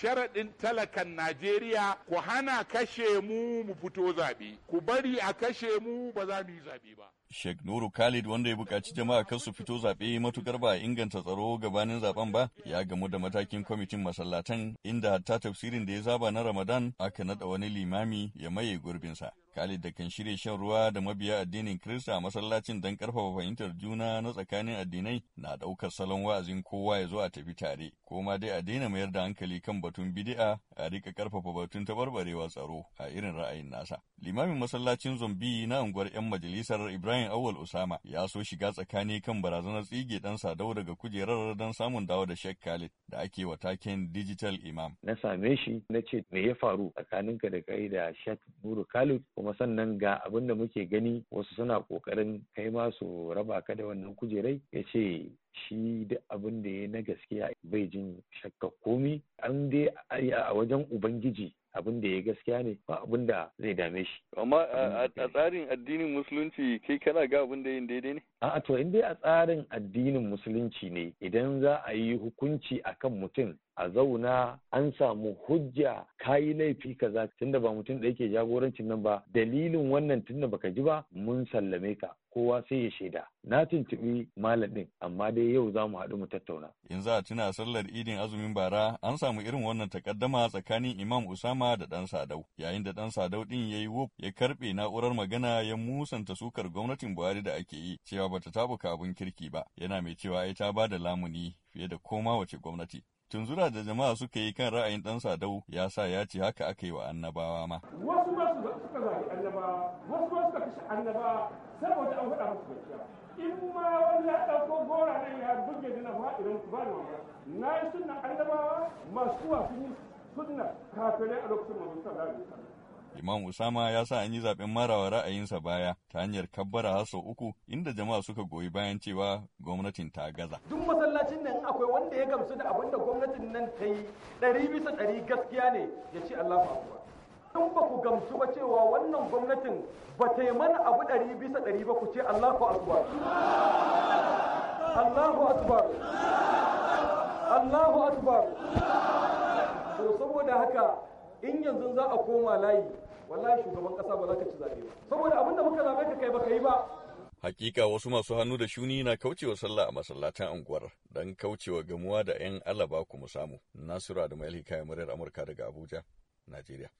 sharaɗin talakan Najeriya ku hana kashe mu mu fito zaɓe, ku bari a kashe mu ba za mu yi zaɓe ba. Sheikh Nuru Khalid wanda ya buƙaci jama'a kar su fito zaɓe matukar ba a inganta tsaro gabanin zaben ba ya gamu da matakin kwamitin masallatan inda hatta tafsirin da ya zaba na Ramadan aka naɗa wani limami ya maye gurbinsa. Khalid da kan shirya shan ruwa da mabiya addinin Kirista a masallacin don karfafa fahimtar juna na tsakanin addinai na ɗaukar salon wa'azin kowa ya zo a tafi tare, ko ma dai a daina mayar da hankali kan batun bidi'a a rika karfafa batun tabarbarewa tsaro a irin ra'ayin nasa. Limamin masallacin zombi na unguwar 'yan majalisar Ibrahim Awal Usama ya so shiga tsakani kan barazanar tsige ɗan sadau daga kujerar don samun dawo da Sheikh Khalid da ake wa taken Digital Imam. Na same shi na ce me ya faru tsakaninka da kai da Sheikh Nuru Khalid kuma kuma sannan ga abin da muke gani wasu suna ƙoƙarin kai masu su raba ka da wannan kujerai ya ce shi duk abin da ya na gaskiya bai jin shakka komi an dai a wajen ubangiji abin da ya gaskiya ne ba abin da zai dame shi amma a tsarin addinin musulunci kai kana ga abin da yin daidai ne a to in dai a tsarin addinin musulunci ne idan za a yi hukunci akan mutum a zauna an samu hujja kayi laifi kaza tunda ba mutum da yake jagorancin nan ba dalilin wannan tunda baka ji ba mun sallame ka kowa sai ya shaida na tuntubi malam din amma dai yau zamu mu haɗu mu tattauna yanzu a tuna sallar idin azumin bara an samu irin wannan takaddama tsakanin imam usama da dan sadau yayin da dan sadau din yi wuf ya karɓe na'urar magana ya musanta sukar gwamnatin buhari da ake yi cewa bata tabuka abin kirki ba yana mai cewa ai ta ba da lamuni fiye da koma wace gwamnati Tunzura da jama'a suka yi kan ra'ayin ɗan Sadau ya sa ya ce haka aka yi wa annabawa ma. Wasu ba su suka zagi annabawa, wasu ba suka kashe annabawa saboda an faɗa musu gaskiya. In ma wani ya ɗauko gora ne ya buge da na fa'irin ku ba ni Na yi sunan annabawa masu wasu sunna kafirai a lokacin masu sallallahu alaihi Imam Usama ya sa an yi zaben marawa ra'ayinsa baya ta hanyar kabbara har sau uku inda jama'a suka goyi bayan cewa gwamnatin ta gaza. Duk masallacin nan akwai wanda ya gamsu da abin da gwamnatin nan ta yi ɗari bisa ɗari gaskiya ne ya ce Allah ba Tun ba ku gamsu ba cewa wannan gwamnatin ba ta yi mana abu ɗari bisa ɗari ba ku ce Allahu akbar. Allahu akbar. Allahu akbar. To saboda haka in yanzu za a koma layi wallahi shugaban kasa ba za ka ci zaɓe ba saboda abin da muka zabe ka kai ba ka yi ba Hakika wasu masu hannu da shuni na kaucewa sallah a masallatan unguwar don kaucewa gamuwa da 'yan alaba kuma samu. Nasiru Adamu Alhika muryar Amurka daga Abuja, Najeriya.